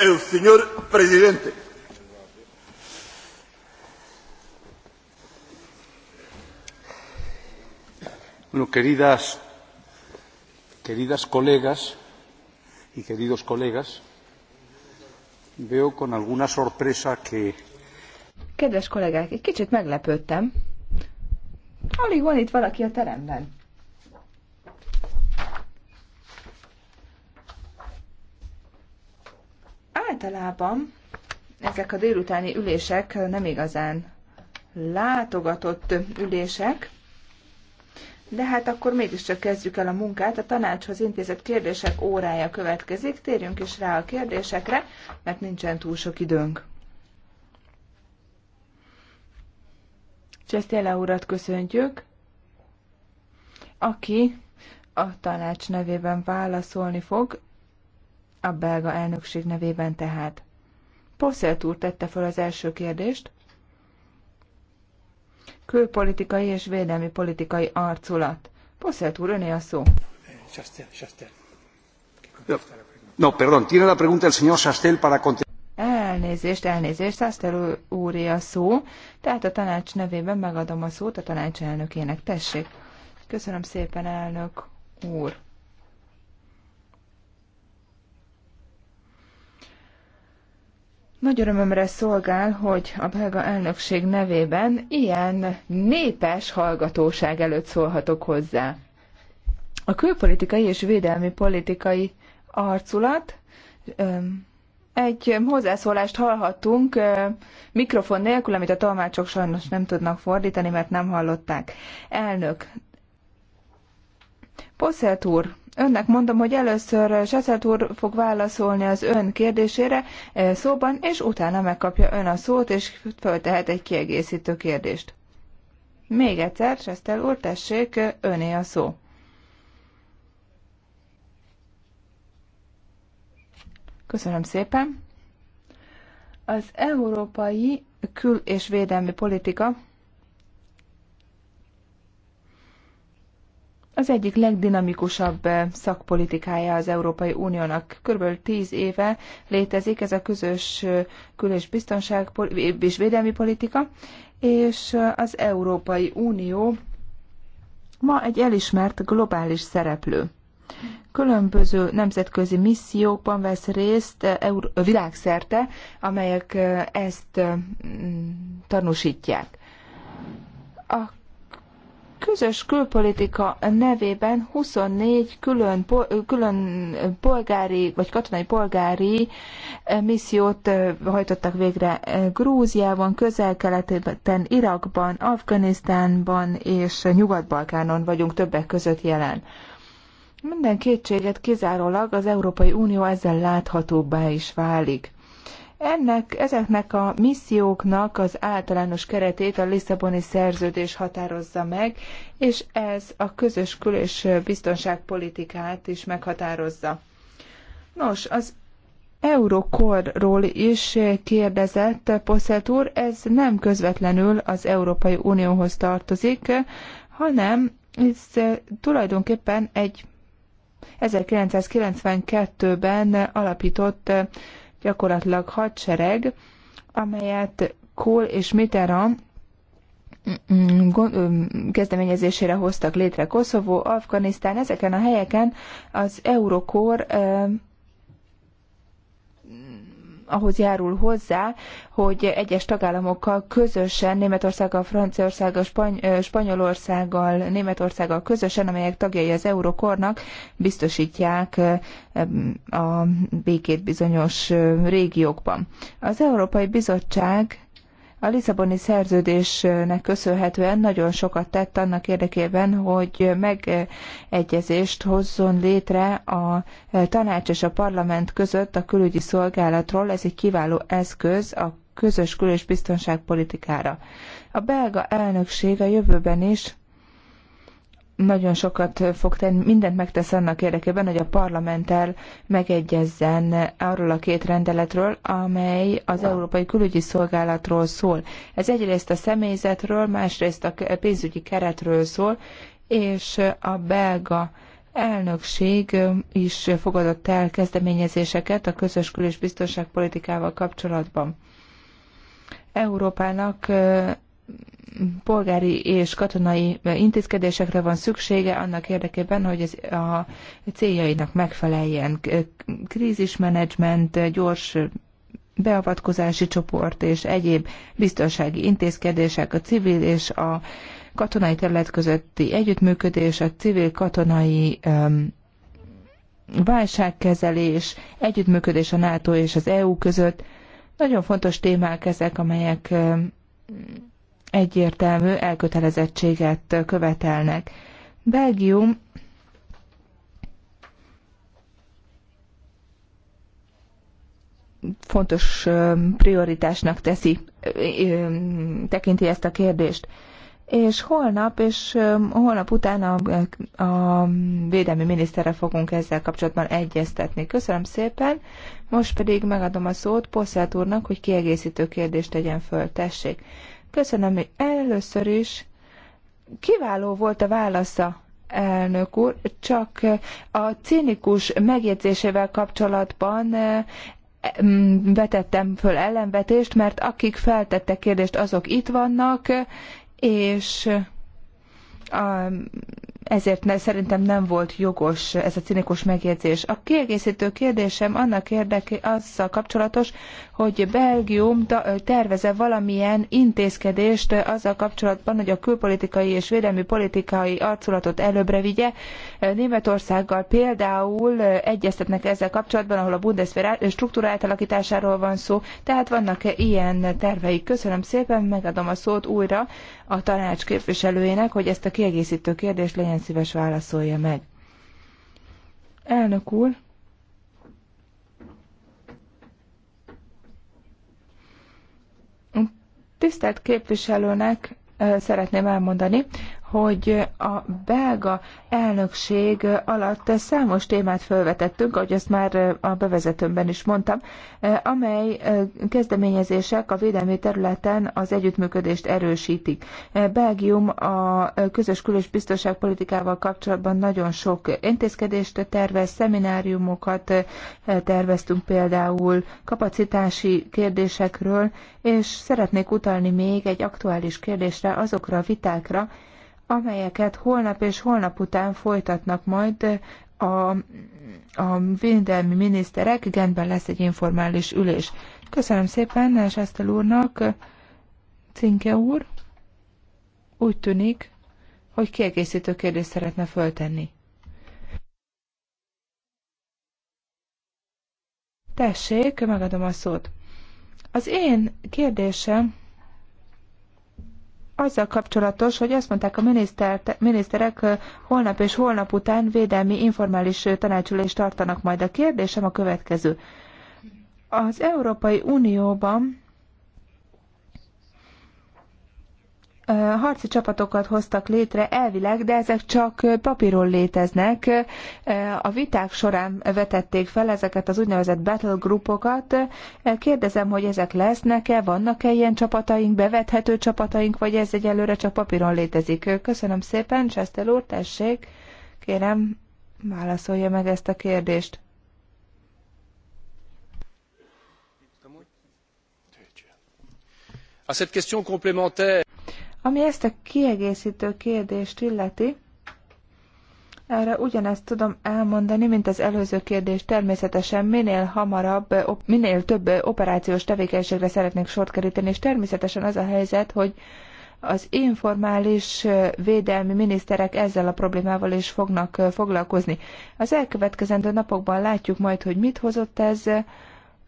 el señor presidente. Bueno, queridas, queridas colegas y queridos colegas, veo con alguna sorpresa que... Kedves kollégák, egy kicsit meglepődtem. Alig van itt valaki a teremben. általában ezek a délutáni ülések nem igazán látogatott ülések, de hát akkor mégiscsak kezdjük el a munkát. A tanácshoz intézett kérdések órája következik. Térjünk is rá a kérdésekre, mert nincsen túl sok időnk. Csesztéle urat köszöntjük, aki a tanács nevében válaszolni fog a belga elnökség nevében tehát. Posselt úr tette fel az első kérdést. Külpolitikai és védelmi politikai arculat. Posselt úr, öné a szó. No, perdón, tiene la pregunta el señor Sastel para Elnézést, elnézést, Sastel úré a szó. Tehát a tanács nevében megadom a szót a tanács elnökének. Tessék. Köszönöm szépen, elnök úr. Nagy örömömre szolgál, hogy a belga elnökség nevében ilyen népes hallgatóság előtt szólhatok hozzá. A külpolitikai és védelmi politikai arculat egy hozzászólást hallhattunk mikrofon nélkül, amit a tolmácsok sajnos nem tudnak fordítani, mert nem hallották. Elnök, Poszelt úr önnek mondom, hogy először Seszelt úr fog válaszolni az ön kérdésére eh, szóban, és utána megkapja ön a szót, és föltehet egy kiegészítő kérdést. Még egyszer, Sesztel úr, tessék, öné a szó. Köszönöm szépen. Az európai kül- és védelmi politika az egyik legdinamikusabb eh, szakpolitikája az Európai Uniónak. Körülbelül tíz éve létezik ez a közös eh, kül- és biztonság és védelmi politika, és eh, az Európai Unió ma egy elismert globális szereplő. Különböző nemzetközi missziókban vesz részt világszerte, amelyek ezt tanúsítják. A közös külpolitika nevében 24 külön, külön polgári vagy katonai polgári eh, missziót eh, hajtottak végre eh, Grúziában, közel-keleten, Irakban, Afganisztánban és Nyugat-Balkánon vagyunk többek között jelen. Minden kétséget kizárólag az Európai Unió ezzel láthatóbbá is válik. Ennek, ezeknek a misszióknak az általános keretét a Lisszaboni szerződés határozza meg, és ez a közös kül- és biztonságpolitikát is meghatározza. Nos, az Eurokorról is kérdezett Posselt úr, ez nem közvetlenül az Európai Unióhoz tartozik, hanem ez tulajdonképpen egy 1992-ben alapított gyakorlatilag hadsereg, amelyet Kohl és Mitterrand mm, mm, mm, kezdeményezésére hoztak létre Koszovó, Afganisztán, ezeken a helyeken az Eurokor ahhoz járul hozzá, hogy egyes tagállamokkal közösen, Németországgal, Franciaországgal, Spany- Spanyolországgal, Németországgal közösen, amelyek tagjai az Eurokornak, biztosítják a békét bizonyos régiókban. Az Európai Bizottság a Lisszaboni szerződésnek köszönhetően nagyon sokat tett annak érdekében, hogy megegyezést hozzon létre a tanács és a parlament között a külügyi szolgálatról. Ez egy kiváló eszköz a közös kül- és biztonságpolitikára. A belga elnökség a jövőben is nagyon sokat fog tenni, mindent megtesz annak érdekében, hogy a parlamenttel megegyezzen arról a két rendeletről, amely az Európai Külügyi Szolgálatról szól. Ez egyrészt a személyzetről, másrészt a pénzügyi keretről szól, és a belga elnökség is fogadott el kezdeményezéseket a közös kül- és biztonságpolitikával kapcsolatban. Európának polgári és katonai intézkedésekre van szüksége annak érdekében, hogy ez a céljainak megfeleljen. Krízismenedzsment, gyors beavatkozási csoport és egyéb biztonsági intézkedések a civil és a katonai terület közötti együttműködés, a civil-katonai um, válságkezelés, együttműködés a NATO és az EU között. Nagyon fontos témák ezek, amelyek um, egyértelmű elkötelezettséget követelnek. Belgium fontos prioritásnak teszi, tekinti ezt a kérdést. És holnap, és holnap után a, a védelmi miniszterre fogunk ezzel kapcsolatban egyeztetni. Köszönöm szépen, most pedig megadom a szót Posszát úrnak, hogy kiegészítő kérdést tegyen föl. Tessék! Köszönöm, hogy először is kiváló volt a válasza elnök úr, csak a cinikus megjegyzésével kapcsolatban eh, vetettem föl ellenvetést, mert akik feltettek kérdést, azok itt vannak, és eh, a ezért ne, szerintem nem volt jogos ez a cinikus megjegyzés. A kiegészítő kérdésem annak érdeké azzal kapcsolatos, hogy Belgium terveze valamilyen intézkedést azzal kapcsolatban, hogy a külpolitikai és védelmi politikai arculatot előbbre vigye. Németországgal például egyeztetnek ezzel kapcsolatban, ahol a Bundeswehr struktúra átalakításáról van szó, tehát vannak -e ilyen terveik. Köszönöm szépen, megadom a szót újra a tanács képviselőjének, hogy ezt a kiegészítő kérdést legyen szíves válaszolja meg. Elnök úr, tisztelt képviselőnek eh, szeretném elmondani, hogy a belga elnökség alatt számos témát felvetettünk, ahogy ezt már a bevezetőmben is mondtam, amely kezdeményezések a védelmi területen az együttműködést erősítik. Belgium a közös kül- és biztonságpolitikával kapcsolatban nagyon sok intézkedést tervez, szemináriumokat terveztünk például kapacitási kérdésekről, és szeretnék utalni még egy aktuális kérdésre, azokra a vitákra, amelyeket holnap és holnap után folytatnak majd a, a védelmi miniszterek. Gentben lesz egy informális ülés. Köszönöm szépen Esztel úrnak, Cinke úr. Úgy tűnik, hogy kiegészítő kérdést szeretne föltenni. Tessék, megadom a szót. Az én kérdésem azzal kapcsolatos, hogy azt mondták a miniszterek, holnap és holnap után védelmi informális tanácsülést tartanak majd. A kérdésem a következő. Az Európai Unióban harci csapatokat hoztak létre elvileg, de ezek csak papíron léteznek. A viták során vetették fel ezeket az úgynevezett battle groupokat. Kérdezem, hogy ezek lesznek-e, vannak-e ilyen csapataink, bevethető csapataink, vagy ez egyelőre csak papíron létezik. Köszönöm szépen, Chester úr, tessék, kérem, válaszolja meg ezt a kérdést. À cette question complémentaire, ami ezt a kiegészítő kérdést illeti, erre ugyanezt tudom elmondani, mint az előző kérdés. Természetesen minél hamarabb, minél több operációs tevékenységre szeretnék sort keríteni, és természetesen az a helyzet, hogy az informális védelmi miniszterek ezzel a problémával is fognak foglalkozni. Az elkövetkezendő napokban látjuk majd, hogy mit hozott ez,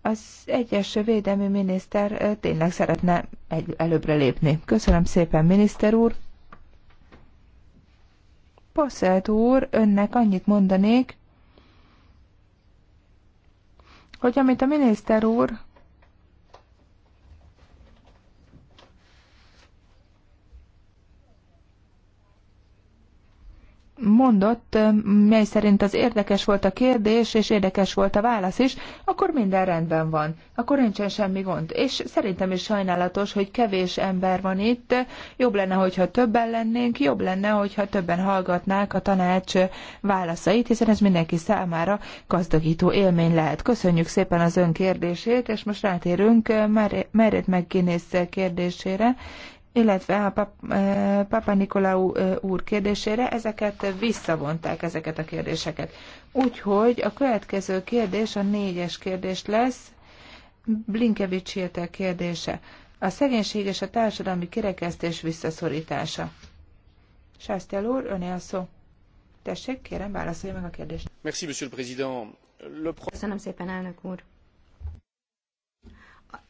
az egyes védelmi miniszter tényleg szeretne egy, előbbre lépni. Köszönöm szépen, miniszter úr. Passzelt úr, önnek annyit mondanék, hogy amit a miniszter úr mondott, mely szerint az érdekes volt a kérdés, és érdekes volt a válasz is, akkor minden rendben van. Akkor nincsen semmi gond. És szerintem is sajnálatos, hogy kevés ember van itt. Jobb lenne, hogyha többen lennénk, jobb lenne, hogyha többen hallgatnák a tanács válaszait, hiszen ez mindenki számára gazdagító élmény lehet. Köszönjük szépen az ön kérdését, és most rátérünk eh, Merit McGuinness kérdésére, illetve a Pap, eh, Papa Nikolaou eh, úr kérdésére, ezeket visszavonták, ezeket a kérdéseket. Úgyhogy a következő kérdés a négyes kérdés lesz, Blinkevics Hirtel kérdése. A szegénység és a társadalmi kirekesztés visszaszorítása. Sásztel úr, öné a szó. Tessék, kérem, válaszolja meg a kérdést. Merci, monsieur le président. Le... Köszönöm szépen, elnök úr.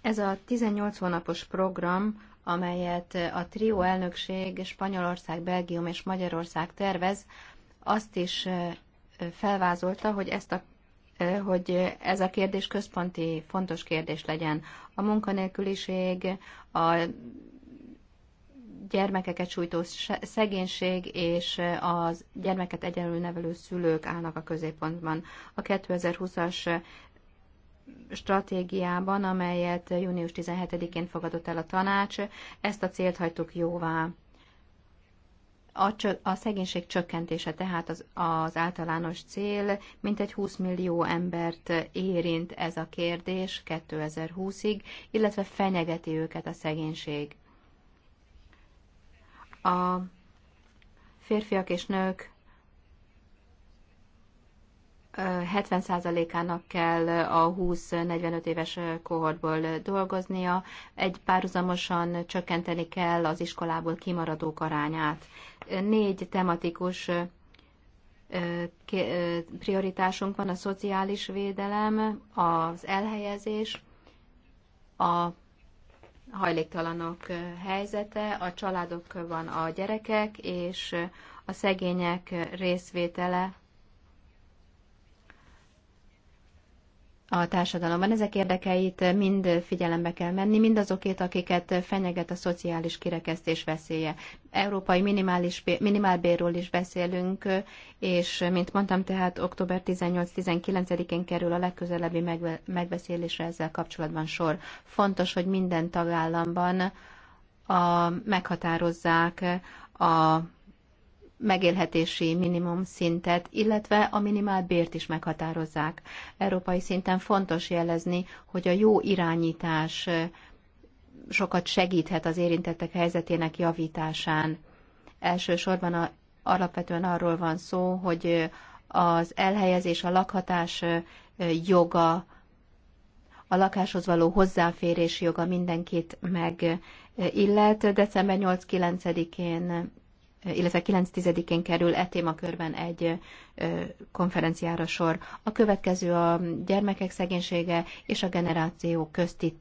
Ez a 18 hónapos program amelyet a trió elnökség Spanyolország, Belgium és Magyarország tervez, azt is felvázolta, hogy ezt a hogy ez a kérdés központi fontos kérdés legyen. A munkanélküliség, a gyermekeket sújtó szegénység és az gyermeket egyenlő nevelő szülők állnak a középpontban. A 2020-as stratégiában, amelyet június 17-én fogadott el a tanács. Ezt a célt hagytuk jóvá. A, cso- a szegénység csökkentése tehát az, az általános cél, mintegy 20 millió embert érint ez a kérdés 2020-ig, illetve fenyegeti őket a szegénység. A férfiak és nők 70%-ának kell a 20-45 éves kohortból dolgoznia, egy párhuzamosan csökkenteni kell az iskolából kimaradók arányát. Négy tematikus prioritásunk van a szociális védelem, az elhelyezés, a hajléktalanok helyzete, a családokban a gyerekek és a szegények részvétele a társadalomban. Ezek érdekeit mind figyelembe kell menni, mind azokét, akiket fenyeget a szociális kirekesztés veszélye. Európai minimális, minimálbérről is beszélünk, és mint mondtam, tehát október 18-19-én kerül a legközelebbi megbeszélésre ezzel kapcsolatban sor. Fontos, hogy minden tagállamban a, meghatározzák a megélhetési minimum szintet, illetve a minimál bért is meghatározzák. Európai szinten fontos jelezni, hogy a jó irányítás sokat segíthet az érintettek helyzetének javításán. Elsősorban a, alapvetően arról van szó, hogy az elhelyezés, a lakhatás joga, a lakáshoz való hozzáférés joga mindenkit meg, illet. December 8-9-én illetve 9-én kerül e témakörben egy konferenciára sor. A következő a gyermekek szegénysége és a generáció közti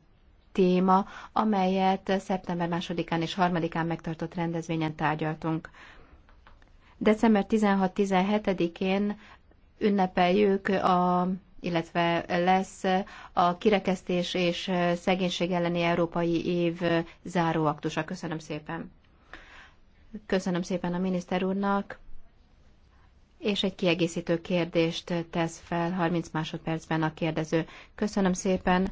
téma, amelyet szeptember 2-án és 3-án megtartott rendezvényen tárgyaltunk. December 16-17-én ünnepeljük a illetve lesz a kirekesztés és szegénység elleni európai év záróaktusa. Köszönöm szépen! Köszönöm szépen a miniszter úrnak, és egy kiegészítő kérdést tesz fel 30 másodpercben a kérdező. Köszönöm szépen,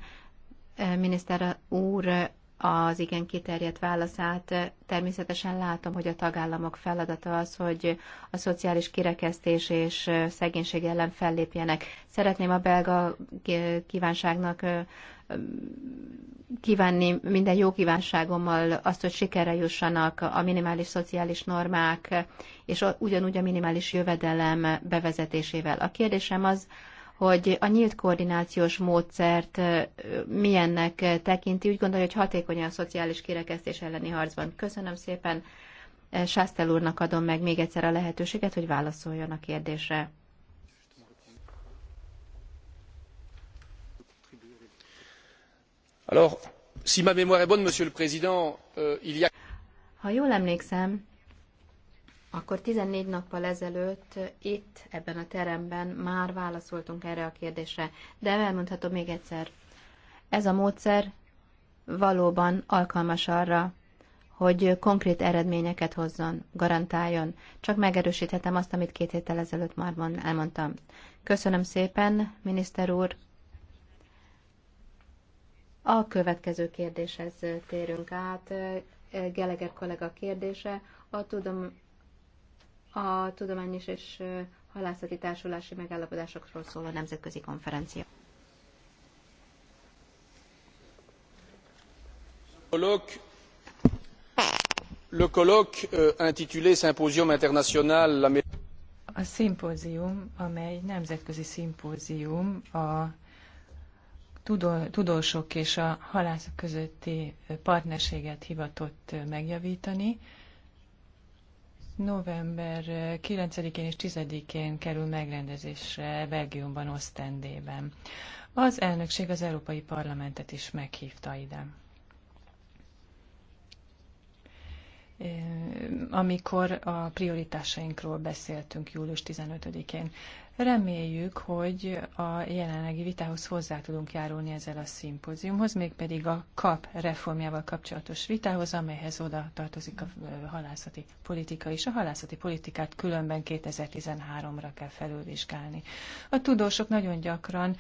eh, miniszter úr, az igen kiterjedt válaszát. Természetesen látom, hogy a tagállamok feladata az, hogy a szociális kirekesztés és eh, szegénység ellen fellépjenek. Szeretném a belga eh, kívánságnak kívánni minden jó kívánságommal azt, hogy sikerre jussanak a minimális szociális normák, és ugyanúgy a minimális jövedelem bevezetésével. A kérdésem az, hogy a nyílt koordinációs módszert milyennek tekinti. Úgy gondolja, hogy hatékony a szociális kirekesztés elleni harcban. Köszönöm szépen. Sásztel úrnak adom meg még egyszer a lehetőséget, hogy válaszoljon a kérdésre. Euh, ha jól emlékszem, akkor 14 nappal ezelőtt uh, itt, ebben a teremben már válaszoltunk erre a kérdésre, de elmondhatom még egyszer. Ez a módszer valóban alkalmas arra, hogy konkrét eredményeket hozzon, garantáljon. Csak megerősíthetem azt, amit két héttel ezelőtt már elmondtam. Köszönöm szépen, miniszter úr, a következő kérdéshez térünk át. Geleger kollega kérdése. A, tudom, a tudományos és halászati társulási megállapodásokról szóló nemzetközi konferencia. Le colloque euh, intitulé Symposium International. A szimpózium, amely nemzetközi szimpózium a tudósok és a halászok közötti partnerséget hivatott megjavítani. November 9-én és 10-én kerül megrendezésre Belgiumban, Osztendében. Az elnökség az Európai Parlamentet is meghívta ide amikor a prioritásainkról beszéltünk július 15-én. Reméljük, hogy a jelenlegi vitához hozzá tudunk járulni ezzel a szimpóziumhoz, mégpedig a KAP reformjával kapcsolatos vitához, amelyhez oda tartozik a halászati politika is. A halászati politikát különben 2013-ra kell felülvizsgálni. A tudósok nagyon gyakran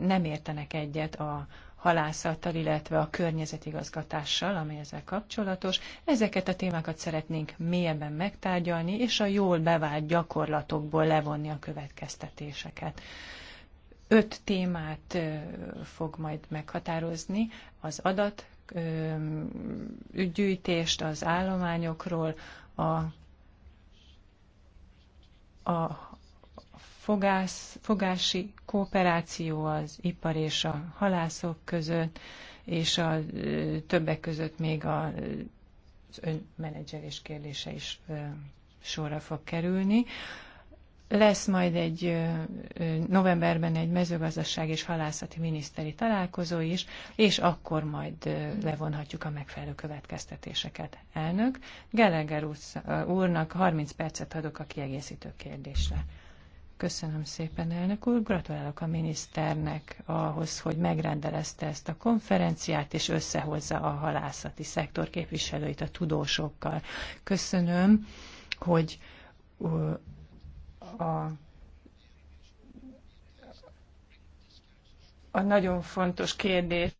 nem értenek egyet a halászattal, illetve a környezetigazgatással, amely ezzel kapcsolatos. Ezeket a témákat szeretnénk mélyebben megtárgyalni, és a jól bevált gyakorlatokból levonni a következtetéseket öt témát fog majd meghatározni, az adat gyűjtést az állományokról, a, a fogász, fogási kooperáció az ipar és a halászok között, és a többek között még a, az önmenedzselés kérdése is sorra fog kerülni. Lesz majd egy novemberben egy mezőgazdaság és halászati miniszteri találkozó is, és akkor majd levonhatjuk a megfelelő következtetéseket. Elnök, Geleger úrnak 30 percet adok a kiegészítő kérdésre. Köszönöm szépen, elnök úr. Gratulálok a miniszternek ahhoz, hogy megrendelezte ezt a konferenciát, és összehozza a halászati szektor képviselőit a tudósokkal. Köszönöm, hogy a a nagyon fontos kérdés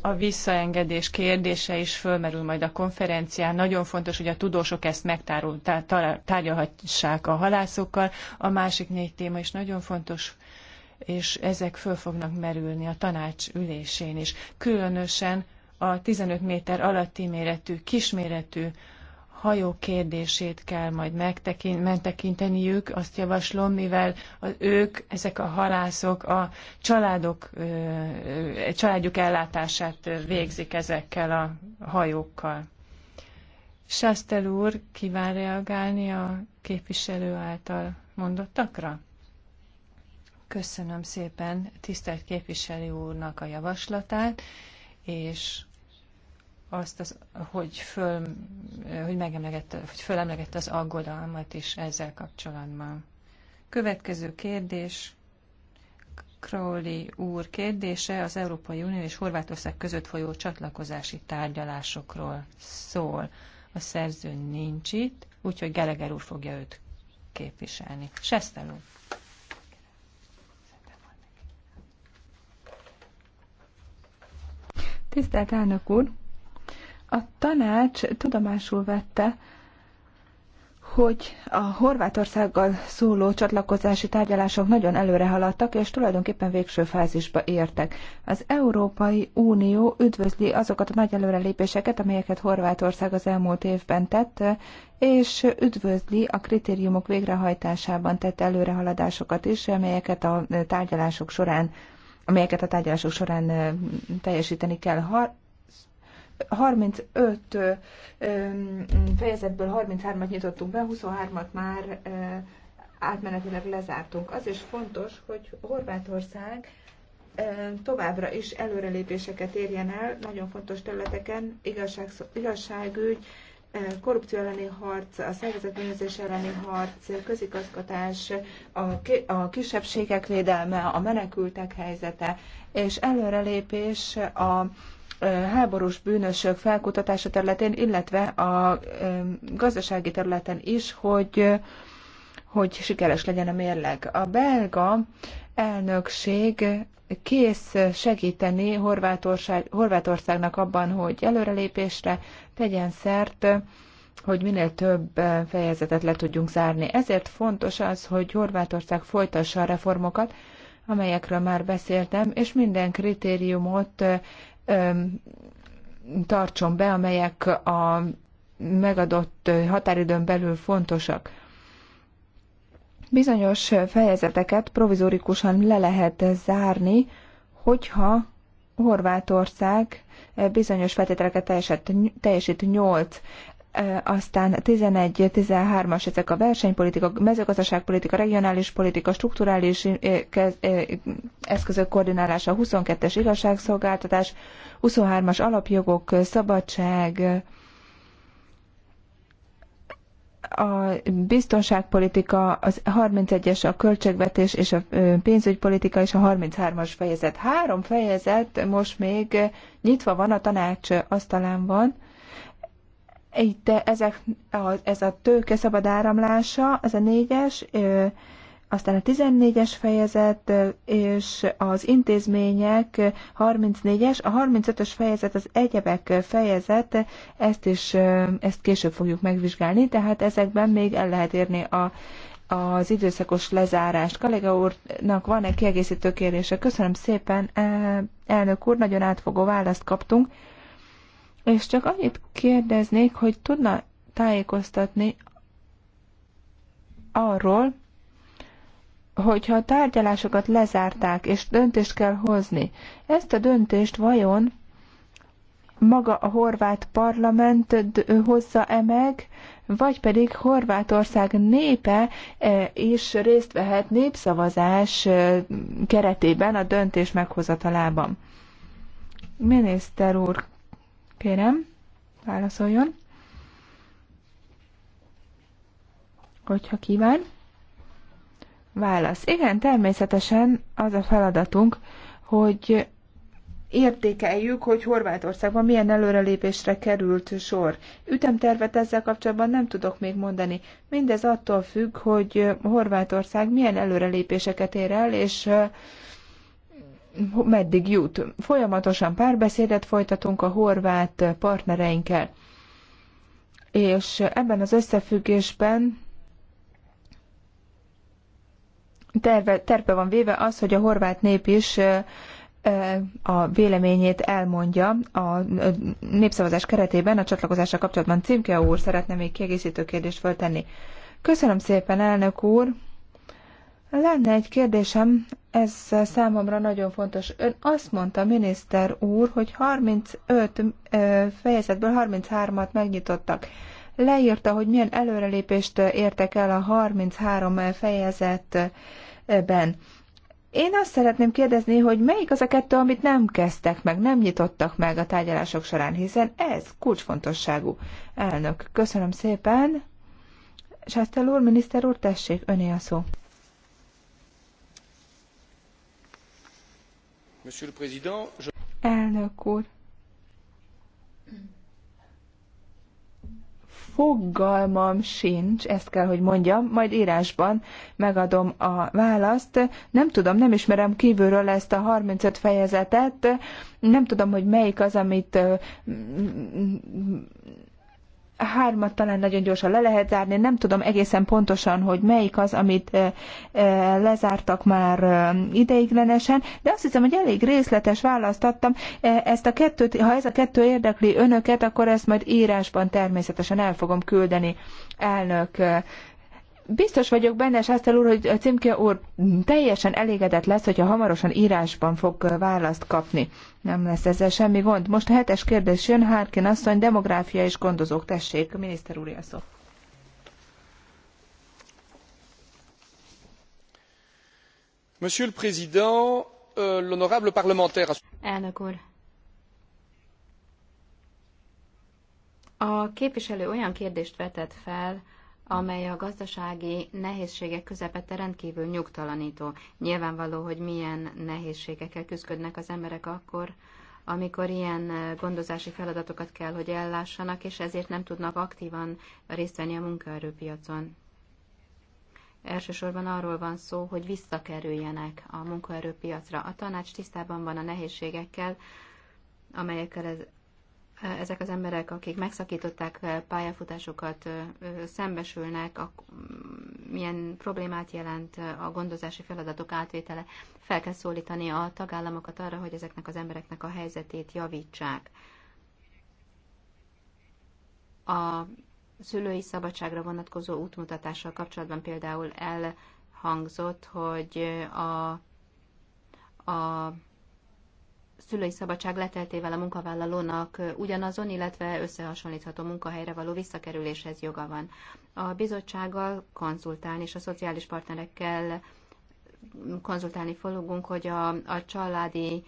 a visszaengedés kérdése is fölmerül majd a konferencián. Nagyon fontos, hogy a tudósok ezt megtárgyalhassák a halászokkal. A másik négy téma is nagyon fontos, és ezek föl fognak merülni a tanács ülésén is. Különösen a 15 méter alatti méretű, kisméretű hajó kérdését kell majd megtekinteniük, azt javaslom, mivel az ők, ezek a halászok a családok, családjuk ellátását végzik ezekkel a hajókkal. Sastel úr kíván reagálni a képviselő által mondottakra? Köszönöm szépen tisztelt képviselő úrnak a javaslatát, és azt, az, hogy, föl, hogy, hogy fölemlegette az aggodalmat is ezzel kapcsolatban. Következő kérdés. Crowley úr kérdése az Európai Unió és Horvátország között folyó csatlakozási tárgyalásokról szól. A szerző nincs itt, úgyhogy Geleger úr fogja őt képviselni. Sesztel úr. Tisztelt elnök úr! A tanács tudomásul vette, hogy a Horvátországgal szóló csatlakozási tárgyalások nagyon előre haladtak, és tulajdonképpen végső fázisba értek. Az Európai Unió üdvözli azokat a nagy előrelépéseket, amelyeket Horvátország az elmúlt évben tett, és üdvözli a kritériumok végrehajtásában tett előrehaladásokat is, amelyeket a tárgyalások során amelyeket a tárgyalások során teljesíteni kell. 35 fejezetből 33-at nyitottunk be, 23-at már átmenetileg lezártunk. Az is fontos, hogy Horvátország továbbra is előrelépéseket érjen el nagyon fontos területeken, igazság, igazságügy, korrupció elleni harc, a szervezetbűnözés elleni harc, közigazgatás, a, ki, a kisebbségek védelme, a menekültek helyzete, és előrelépés a háborús bűnösök felkutatása területén, illetve a gazdasági területen is, hogy hogy sikeres legyen a mérleg. A belga elnökség kész segíteni Horvátország, Horvátországnak abban, hogy előrelépésre tegyen szert, hogy minél több fejezetet le tudjunk zárni. Ezért fontos az, hogy Horvátország folytassa a reformokat, amelyekről már beszéltem, és minden kritériumot tartson be, amelyek a megadott határidőn belül fontosak. Bizonyos fejezeteket provizorikusan le lehet zárni, hogyha Horvátország bizonyos feltételeket teljesít, teljesít 8 aztán 11-13-as ezek a versenypolitika, mezőgazdaságpolitika, regionális politika, strukturális eszközök koordinálása, 22-es igazságszolgáltatás, 23-as alapjogok, szabadság, a biztonságpolitika, az 31-es a költségvetés és a pénzügypolitika és a 33-as fejezet. Három fejezet most még nyitva van, a tanács asztalán van, itt ezek, a, ez a tőke szabad áramlása, ez a négyes, aztán a 14-es fejezet és az intézmények 34-es, a 35-ös fejezet az egyebek fejezet, ezt is ezt később fogjuk megvizsgálni, tehát ezekben még el lehet érni a, az időszakos lezárást. Kollega úrnak van egy kiegészítő kérdése. Köszönöm szépen, e, elnök úr, nagyon átfogó választ kaptunk és csak annyit kérdeznék, hogy tudna tájékoztatni arról, hogyha a tárgyalásokat lezárták, és döntést kell hozni, ezt a döntést vajon maga a horvát parlament hozza-e meg, vagy pedig Horvátország népe e, is részt vehet népszavazás e, keretében a döntés meghozatalában. Miniszter úr, Kérem, válaszoljon. Hogyha kíván. Válasz. Igen, természetesen az a feladatunk, hogy értékeljük, hogy Horvátországban milyen előrelépésre került sor. Ütemtervet ezzel kapcsolatban nem tudok még mondani. Mindez attól függ, hogy Horvátország milyen előrelépéseket ér el, és meddig jut. Folyamatosan párbeszédet folytatunk a horvát partnereinkkel. És ebben az összefüggésben terve, terve van véve az, hogy a horvát nép is a véleményét elmondja a népszavazás keretében a csatlakozásra kapcsolatban. Címke úr szeretne még kiegészítő kérdést föltenni. Köszönöm szépen, elnök úr! Lenne egy kérdésem, ez számomra nagyon fontos. Ön azt mondta, miniszter úr, hogy 35 fejezetből 33-at megnyitottak. Leírta, hogy milyen előrelépést értek el a 33 fejezetben. Én azt szeretném kérdezni, hogy melyik az a kettő, amit nem kezdtek meg, nem nyitottak meg a tárgyalások során, hiszen ez kulcsfontosságú. Elnök, köszönöm szépen. Sásztel úr, miniszter úr, tessék, öné a szó. Elnök úr, fogalmam sincs, ezt kell, hogy mondjam, majd írásban megadom a választ. Nem tudom, nem ismerem kívülről ezt a 35 fejezetet, nem tudom, hogy melyik az, amit hármat talán nagyon gyorsan le lehet zárni, nem tudom egészen pontosan, hogy melyik az, amit lezártak már ideiglenesen, de azt hiszem, hogy elég részletes választ adtam. Ezt a kettőt, ha ez a kettő érdekli önöket, akkor ezt majd írásban természetesen el fogom küldeni elnök Biztos vagyok benne, és úr, hogy Címke úr teljesen elégedett lesz, hogyha hamarosan írásban fog választ kapni. Nem lesz ezzel semmi gond. Most a hetes kérdés jön, Hárkin asszony, demográfia és gondozók, tessék, a miniszter úr szó. Monsieur le Président, euh, l'honorable parlementaire. Elnök úr. A képviselő olyan kérdést vetett fel, amely a gazdasági nehézségek közepette rendkívül nyugtalanító. Nyilvánvaló, hogy milyen nehézségekkel küzdködnek az emberek akkor, amikor ilyen eh, gondozási feladatokat kell, hogy ellássanak, és ezért nem tudnak aktívan részt venni a munkaerőpiacon. Elsősorban arról van szó, hogy visszakerüljenek a munkaerőpiacra. A tanács tisztában van a nehézségekkel, amelyekkel ez, ezek az emberek, akik megszakították pályafutásukat, szembesülnek, a, mm, milyen problémát jelent a gondozási feladatok átvétele, fel kell szólítani a tagállamokat arra, hogy ezeknek az embereknek a helyzetét javítsák. A szülői szabadságra vonatkozó útmutatással kapcsolatban például elhangzott, hogy a, a szülői szabadság leteltével a munkavállalónak ugyanazon, illetve összehasonlítható munkahelyre való visszakerüléshez joga van. A bizottsággal konzultálni és a szociális partnerekkel konzultálni fogunk, hogy a, a családi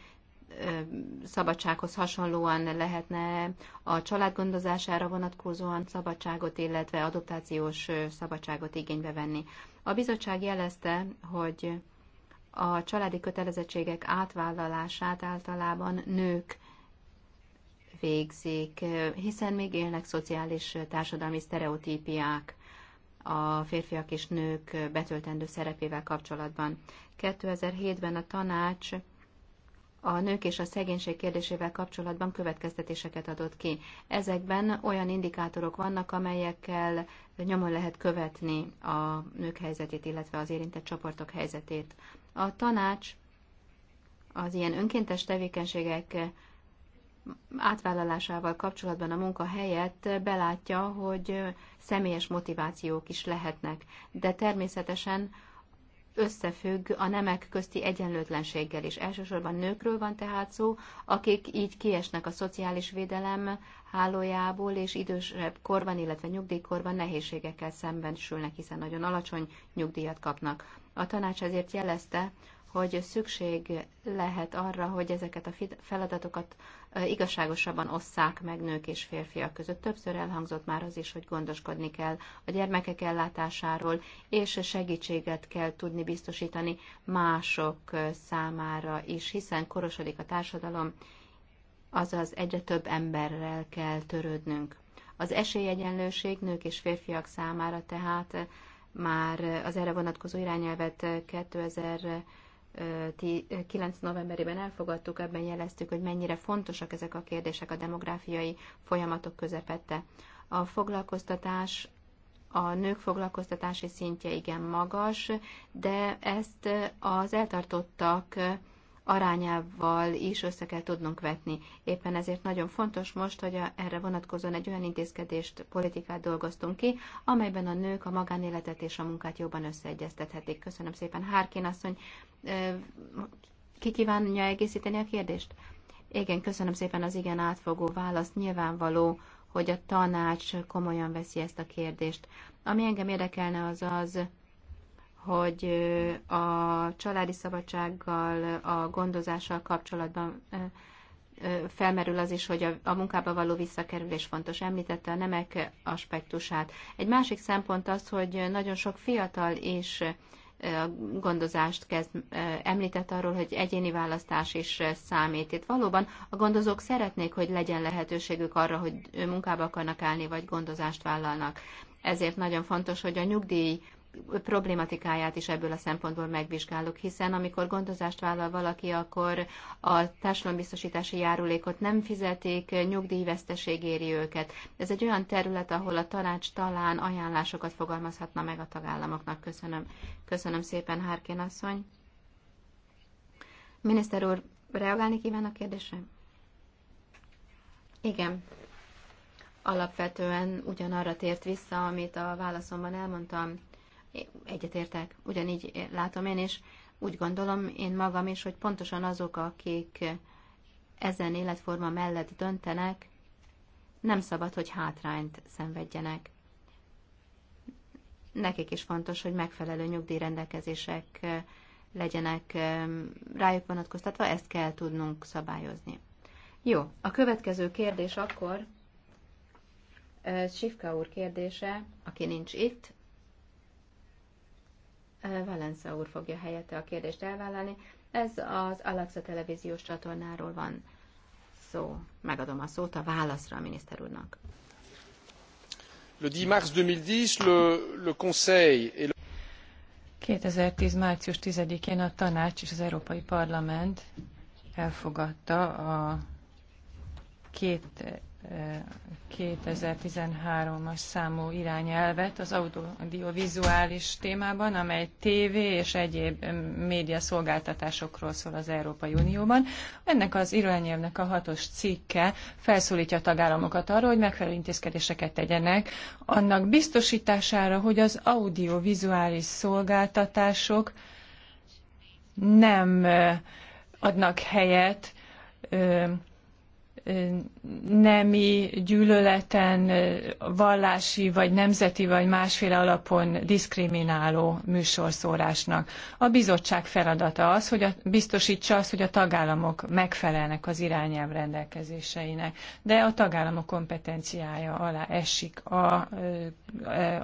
szabadsághoz hasonlóan lehetne a családgondozására vonatkozóan szabadságot, illetve adoptációs szabadságot igénybe venni. A bizottság jelezte, hogy a családi kötelezettségek átvállalását általában nők végzik, hiszen még élnek szociális társadalmi sztereotípiák a férfiak és nők betöltendő szerepével kapcsolatban. 2007-ben a tanács a nők és a szegénység kérdésével kapcsolatban következtetéseket adott ki. Ezekben olyan indikátorok vannak, amelyekkel nyomon lehet követni a nők helyzetét, illetve az érintett csoportok helyzetét. A tanács az ilyen önkéntes tevékenységek átvállalásával kapcsolatban a munka helyett belátja, hogy személyes motivációk is lehetnek, de természetesen összefügg a nemek közti egyenlőtlenséggel is. Elsősorban nőkről van tehát szó, akik így kiesnek a szociális védelem hálójából, és idősebb korban, illetve nyugdíjkorban nehézségekkel szemben sülnek, hiszen nagyon alacsony nyugdíjat kapnak. A tanács azért jelezte, hogy szükség lehet arra, hogy ezeket a feladatokat igazságosabban osszák meg nők és férfiak között. Többször elhangzott már az is, hogy gondoskodni kell a gyermekek ellátásáról, és segítséget kell tudni biztosítani mások számára is, hiszen korosodik a társadalom, azaz egyre több emberrel kell törődnünk. Az esélyegyenlőség nők és férfiak számára tehát már az erre vonatkozó irányelvet 2009. novemberében elfogadtuk, ebben jeleztük, hogy mennyire fontosak ezek a kérdések a demográfiai folyamatok közepette. A foglalkoztatás a nők foglalkoztatási szintje igen magas, de ezt az eltartottak arányával is össze kell tudnunk vetni. Éppen ezért nagyon fontos most, hogy a, erre vonatkozóan egy olyan intézkedést, politikát dolgoztunk ki, amelyben a nők a magánéletet és a munkát jobban összeegyeztethetik. Köszönöm szépen. Hárkén asszony, ki kívánja egészíteni a kérdést? Igen, köszönöm szépen az igen átfogó választ. Nyilvánvaló, hogy a tanács komolyan veszi ezt a kérdést. Ami engem érdekelne az az, hogy a családi szabadsággal, a gondozással kapcsolatban felmerül az is, hogy a, a munkába való visszakerülés fontos. Említette a nemek aspektusát. Egy másik szempont az, hogy nagyon sok fiatal és a gondozást kezd, említett arról, hogy egyéni választás is számít. Itt valóban a gondozók szeretnék, hogy legyen lehetőségük arra, hogy munkába akarnak állni, vagy gondozást vállalnak. Ezért nagyon fontos, hogy a nyugdíj problématikáját is ebből a szempontból megvizsgálok, hiszen amikor gondozást vállal valaki, akkor a társadalombiztosítási járulékot nem fizetik, nyugdíjveszteség éri őket. Ez egy olyan terület, ahol a tanács talán ajánlásokat fogalmazhatna meg a tagállamoknak. Köszönöm. Köszönöm szépen, Hárkén asszony. Miniszter úr, reagálni kíván a kérdésre? Igen. Alapvetően ugyanarra tért vissza, amit a válaszomban elmondtam Egyetértek, ugyanígy látom én is, úgy gondolom én magam is, hogy pontosan azok, akik ezen életforma mellett döntenek, nem szabad, hogy hátrányt szenvedjenek. Nekik is fontos, hogy megfelelő nyugdíjrendelkezések legyenek rájuk vonatkoztatva, ezt kell tudnunk szabályozni. Jó, a következő kérdés akkor, eh, Sivka úr kérdése, aki nincs itt, Valenza úr fogja helyette a kérdést elvállalni. Ez az Alexa televíziós csatornáról van szó. Megadom a szót a válaszra a miniszter úrnak. Le 10 mars 2010, le, le Conseil et le... 2010. március 10-én a tanács és az Európai Parlament elfogadta a két 2013-as számú irányelvet az audiovizuális témában, amely TV és egyéb média szolgáltatásokról szól az Európai Unióban. Ennek az irányelvnek a hatos cikke felszólítja a tagállamokat arra, hogy megfelelő intézkedéseket tegyenek annak biztosítására, hogy az audiovizuális szolgáltatások nem adnak helyet nemi gyűlöleten, vallási vagy nemzeti vagy másféle alapon diszkrimináló műsorszórásnak. A bizottság feladata az, hogy a, biztosítsa azt, hogy a tagállamok megfelelnek az irányelv rendelkezéseinek, de a tagállamok kompetenciája alá esik a,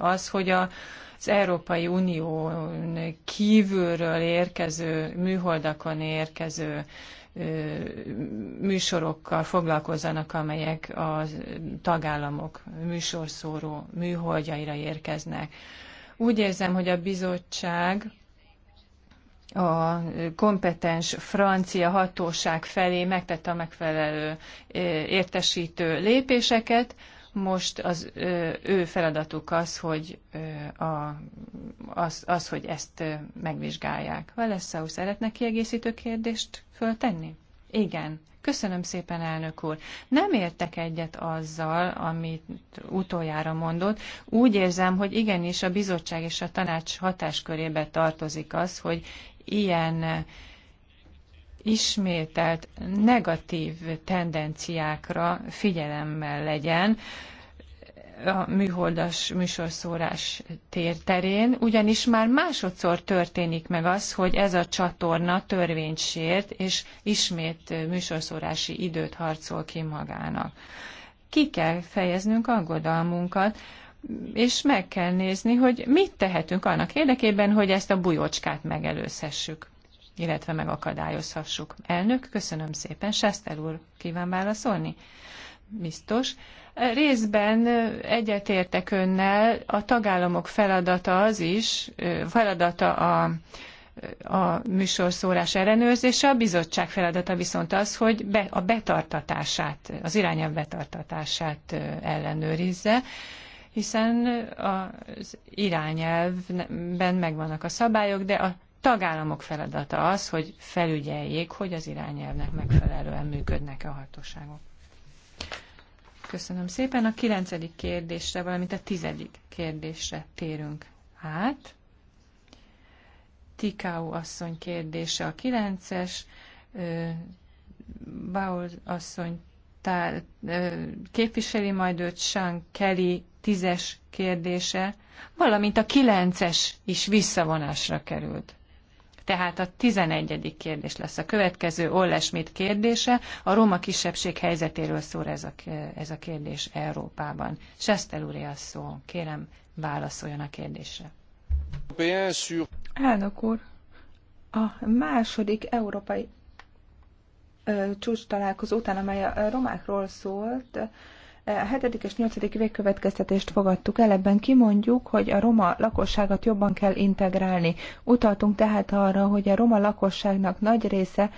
az, hogy a az Európai Unión kívülről érkező, műholdakon érkező műsorokkal foglalkozzanak, amelyek a tagállamok műsorszóró műholdjaira érkeznek. Úgy érzem, hogy a bizottság a kompetens francia hatóság felé megtette a megfelelő értesítő lépéseket, most az ő feladatuk az, hogy, a, az, az, hogy ezt megvizsgálják. Valesszaú szeretne kiegészítő kérdést föltenni? Igen. Köszönöm szépen, elnök úr. Nem értek egyet azzal, amit utoljára mondott. Úgy érzem, hogy igenis a bizottság és a tanács hatáskörébe tartozik az, hogy ilyen ismételt negatív tendenciákra figyelemmel legyen a műholdas műsorszórás térterén, ugyanis már másodszor történik meg az, hogy ez a csatorna törvényt sért, és ismét műsorszórási időt harcol ki magának. Ki kell fejeznünk aggodalmunkat, és meg kell nézni, hogy mit tehetünk annak érdekében, hogy ezt a bujócskát megelőzhessük illetve megakadályozhassuk. Elnök, köszönöm szépen. Sester úr, kíván válaszolni? Biztos. Részben egyetértek önnel, a tagállamok feladata az is, feladata a a műsorszórás ellenőrzése, a bizottság feladata viszont az, hogy be, a betartatását, az irányelv betartatását ellenőrizze, hiszen az irányelvben megvannak a szabályok, de a tagállamok feladata az, hogy felügyeljék, hogy az irányelvnek megfelelően működnek-e a hatóságok. Köszönöm szépen. A kilencedik kérdésre, valamint a tizedik kérdésre térünk át. Tikau asszony kérdése a kilences, Baul asszony tá, képviseli majd őt Sean Kelly tízes kérdése, valamint a kilences is visszavonásra került. Tehát a 11. kérdés lesz a következő Olle Schmidt kérdése. A roma kisebbség helyzetéről szól ez a, ez a kérdés Európában. Sestel úr a szó. Kérem, válaszoljon a kérdésre. Elnök úr, a második európai csúcs találkozó után, amely a romákról szólt, a 7. és 8. végkövetkeztetést fogadtuk el, ebben kimondjuk, hogy a roma lakosságot jobban kell integrálni. Utaltunk tehát arra, hogy a roma lakosságnak nagy része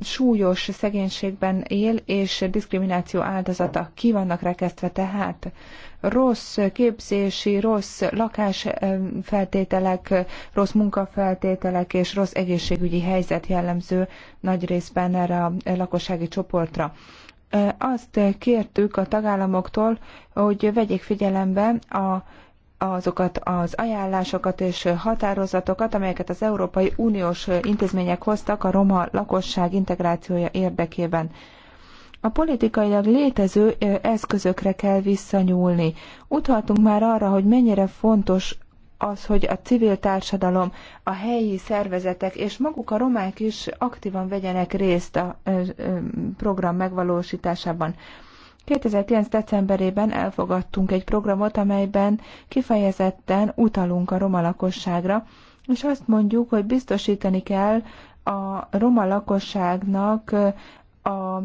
súlyos szegénységben él, és diszkrimináció áldozata. Ki vannak rekesztve tehát? Rossz képzési, rossz lakásfeltételek, rossz munkafeltételek és rossz egészségügyi helyzet jellemző nagy részben erre a lakossági csoportra azt kértük a tagállamoktól, hogy vegyék figyelembe a azokat az ajánlásokat és határozatokat, amelyeket az Európai Uniós intézmények hoztak a roma lakosság integrációja érdekében. A politikailag létező eszközökre kell visszanyúlni. Utaltunk már arra, hogy mennyire fontos az, hogy a civil társadalom, a helyi szervezetek és maguk a romák is aktívan vegyenek részt a program megvalósításában. 2009. decemberében elfogadtunk egy programot, amelyben kifejezetten utalunk a roma lakosságra, és azt mondjuk, hogy biztosítani kell a roma lakosságnak a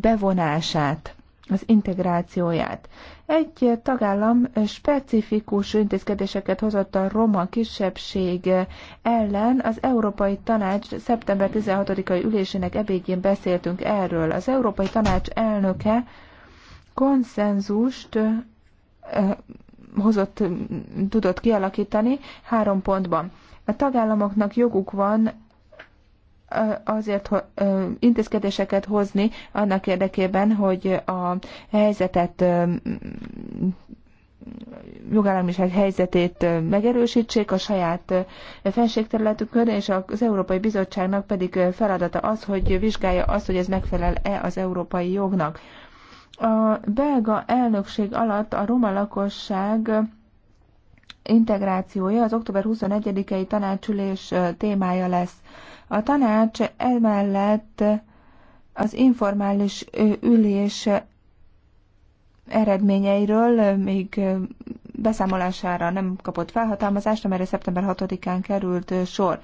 bevonását, az integrációját. Egy tagállam specifikus intézkedéseket hozott a roma kisebbség ellen. Az Európai Tanács szeptember 16-ai ülésének ebédjén beszéltünk erről. Az Európai Tanács elnöke konszenzust hozott, tudott kialakítani három pontban. A tagállamoknak joguk van azért intézkedéseket hozni annak érdekében, hogy a helyzetet jogállamiság helyzetét megerősítsék a saját fenségterületükön, és az Európai Bizottságnak pedig feladata az, hogy vizsgálja azt, hogy ez megfelel-e az európai jognak. A belga elnökség alatt a roma lakosság integrációja az október 21-i tanácsülés témája lesz. A tanács emellett az informális ülés eredményeiről még beszámolására nem kapott felhatalmazást, amelyre szeptember 6-án került sor.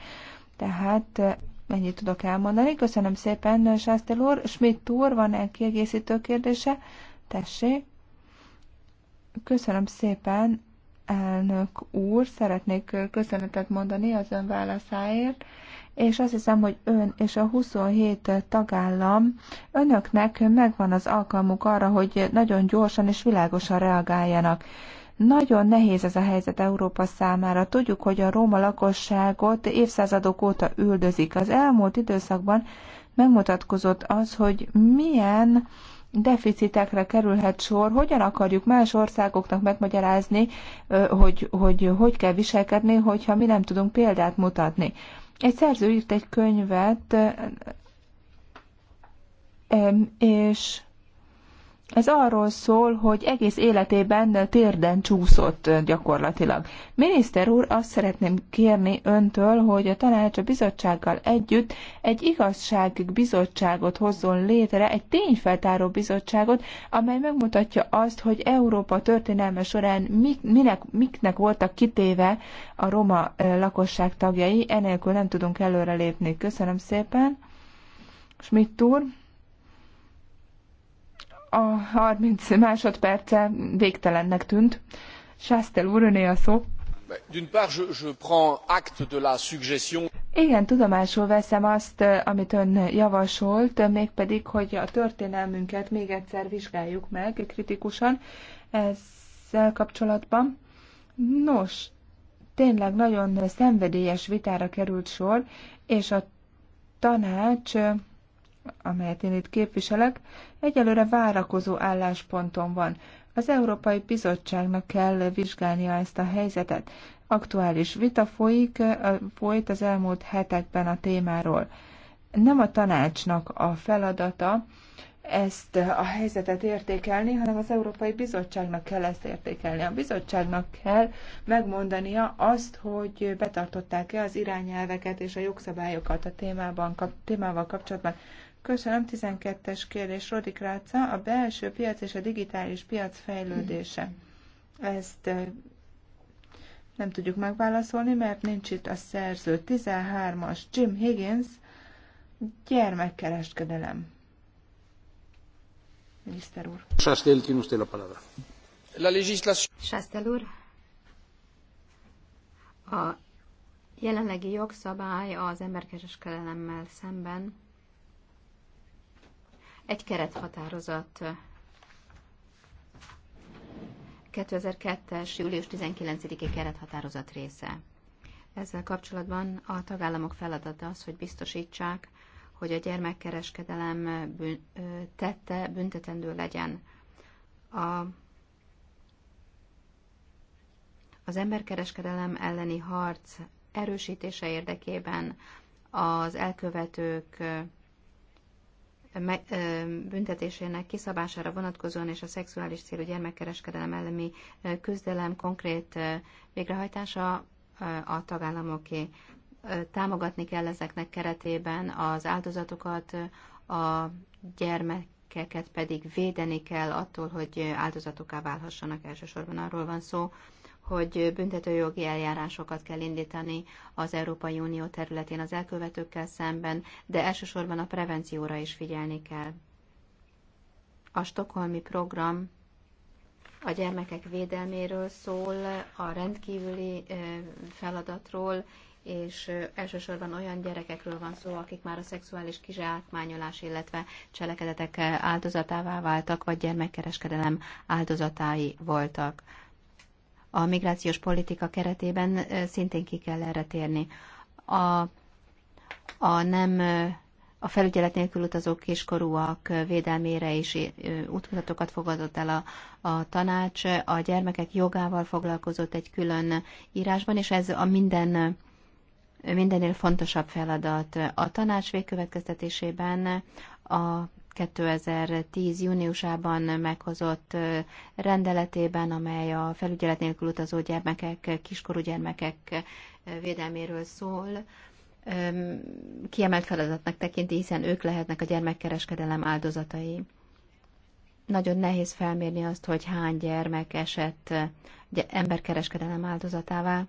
Tehát mennyit tudok elmondani. Köszönöm szépen, Sásztél úr. Schmidt úr, van-e kiegészítő kérdése? Tessék. Köszönöm szépen, elnök úr. Szeretnék köszönetet mondani az ön válaszáért és azt hiszem, hogy ön és a 27 tagállam önöknek megvan az alkalmuk arra, hogy nagyon gyorsan és világosan reagáljanak. Nagyon nehéz ez a helyzet Európa számára. Tudjuk, hogy a róma lakosságot évszázadok óta üldözik. Az elmúlt időszakban megmutatkozott az, hogy milyen deficitekre kerülhet sor, hogyan akarjuk más országoknak megmagyarázni, hogy hogy, hogy kell viselkedni, hogyha mi nem tudunk példát mutatni. Egy szerző írt egy könyvet, és ez arról szól, hogy egész életében térden csúszott gyakorlatilag. Miniszter úr, azt szeretném kérni öntől, hogy a tanács a bizottsággal együtt egy igazságbizottságot hozzon létre, egy tényfeltáró bizottságot, amely megmutatja azt, hogy Európa történelme során mik, minek, miknek voltak kitéve a roma lakosság tagjai, enélkül nem tudunk előrelépni. Köszönöm szépen. Schmidt úr a 30 másodperce végtelennek tűnt. Sásztel úr, öné a szó. D'une part, je, je prends acte de la suggestion. Igen, tudomásul veszem azt, amit ön javasolt, mégpedig, hogy a történelmünket még egyszer vizsgáljuk meg kritikusan ezzel kapcsolatban. Nos, tényleg nagyon szenvedélyes vitára került sor, és a tanács amelyet én itt képviselek, egyelőre várakozó állásponton van. Az Európai Bizottságnak kell vizsgálnia ezt a helyzetet. Aktuális vita folyik, folyt az elmúlt hetekben a témáról. Nem a tanácsnak a feladata ezt a helyzetet értékelni, hanem az Európai Bizottságnak kell ezt értékelni. A bizottságnak kell megmondania azt, hogy betartották-e az irányelveket és a jogszabályokat a témában, témával kapcsolatban. Köszönöm, 12-es kérdés, Rodi Kráca, a belső piac és a digitális piac fejlődése. Ezt nem tudjuk megválaszolni, mert nincs itt a szerző. 13-as Jim Higgins, gyermekkereskedelem. Miniszter úr. Sastel, tiene usted la palabra. La legislación... Sastel úr, a jelenlegi jogszabály az emberkereskedelemmel szemben egy kerethatározat 2002-es július 19-i kerethatározat része. Ezzel kapcsolatban a tagállamok feladata az, hogy biztosítsák, hogy a gyermekkereskedelem bűn, tette büntetendő legyen. A, az emberkereskedelem elleni harc erősítése érdekében az elkövetők büntetésének kiszabására vonatkozóan és a szexuális célú gyermekkereskedelem elleni küzdelem konkrét végrehajtása a tagállamoké. Támogatni kell ezeknek keretében az áldozatokat, a gyermekeket pedig védeni kell attól, hogy áldozatoká válhassanak. Elsősorban arról van szó, hogy büntetőjogi eljárásokat kell indítani az Európai Unió területén az elkövetőkkel szemben, de elsősorban a prevencióra is figyelni kell. A stokholmi program a gyermekek védelméről szól, a rendkívüli feladatról, és elsősorban olyan gyerekekről van szó, akik már a szexuális kizsákmányolás, illetve cselekedetek áldozatává váltak, vagy gyermekkereskedelem áldozatái voltak a migrációs politika keretében szintén ki kell erre térni. A, a nem a felügyelet nélkül utazó kiskorúak védelmére is útmutatókat fogadott el a, a tanács, a gyermekek jogával foglalkozott egy külön írásban, és ez a minden mindennél fontosabb feladat. A tanács végkövetkeztetésében a 2010. júniusában meghozott rendeletében, amely a felügyelet nélkül utazó gyermekek, kiskorú gyermekek védelméről szól, kiemelt feladatnak tekinti, hiszen ők lehetnek a gyermekkereskedelem áldozatai. Nagyon nehéz felmérni azt, hogy hány gyermek esett emberkereskedelem áldozatává,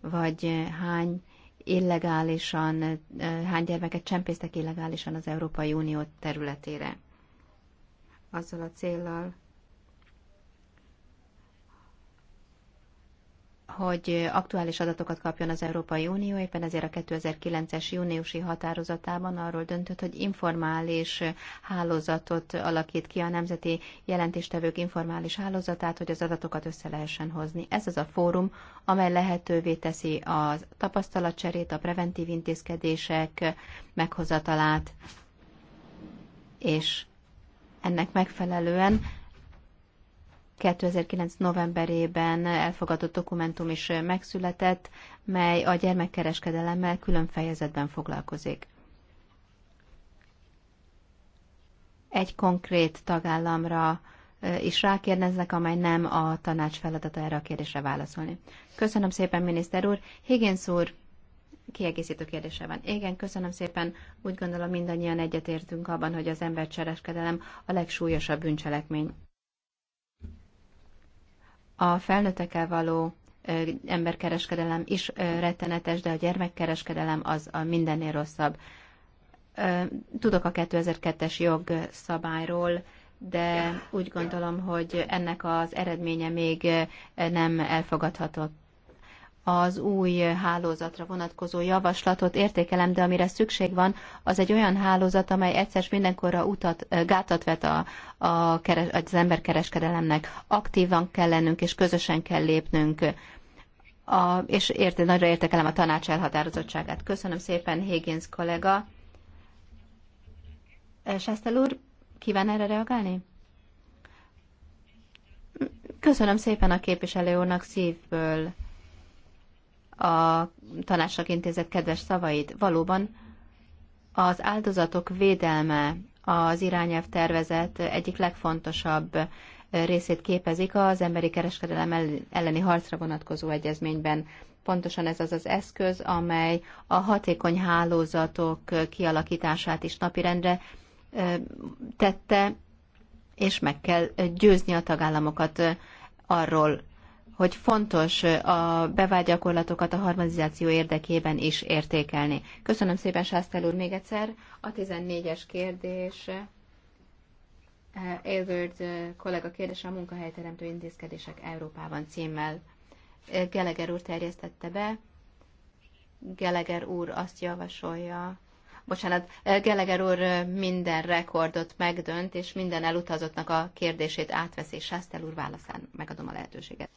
vagy hány illegálisan, hány gyermeket csempésztek illegálisan az Európai Unió területére. Azzal a céllal, hogy aktuális adatokat kapjon az Európai Unió, éppen ezért a 2009-es júniusi határozatában arról döntött, hogy informális hálózatot alakít ki a Nemzeti Jelentéstevők informális hálózatát, hogy az adatokat össze lehessen hozni. Ez az a fórum, amely lehetővé teszi a tapasztalatcserét, a preventív intézkedések meghozatalát, és ennek megfelelően 2009. novemberében elfogadott dokumentum is megszületett, mely a gyermekkereskedelemmel külön fejezetben foglalkozik. Egy konkrét tagállamra is rákérdeznek, amely nem a tanács feladata erre a kérdésre válaszolni. Köszönöm szépen, miniszter úr. Higgins úr, kiegészítő kérdése van. Igen, köszönöm szépen. Úgy gondolom mindannyian egyetértünk abban, hogy az embercsereskedelem a legsúlyosabb bűncselekmény. A felnőttekkel való emberkereskedelem is rettenetes, de a gyermekkereskedelem az a mindennél rosszabb. Tudok a 2002-es jogszabályról, de úgy gondolom, hogy ennek az eredménye még nem elfogadhatott az új hálózatra vonatkozó javaslatot értékelem, de amire szükség van, az egy olyan hálózat, amely egyszer mindenkorra utat, gátat vet a, a keres, az emberkereskedelemnek. Aktívan kell lennünk, és közösen kell lépnünk. A, és érte, nagyra értékelem a tanács elhatározottságát. Köszönöm szépen, Higgins kollega. Sestel úr, kíván erre reagálni? Köszönöm szépen a képviselő úrnak szívből a tanácsnak intézett kedves szavait. Valóban az áldozatok védelme az irányelv tervezet egyik legfontosabb részét képezik az emberi kereskedelem elleni harcra vonatkozó egyezményben. Pontosan ez az az eszköz, amely a hatékony hálózatok kialakítását is napirendre tette, és meg kell győzni a tagállamokat arról, hogy fontos a bevált gyakorlatokat a harmonizáció érdekében is értékelni. Köszönöm szépen, Sásztel úr, még egyszer. A 14-es kérdés, Edward kollega kérdése a munkahelyteremtő intézkedések Európában címmel. Geleger úr terjesztette be. Geleger úr azt javasolja, bocsánat, Geleger úr minden rekordot megdönt, és minden elutazottnak a kérdését átveszi. Sásztel úr válaszán megadom a lehetőséget.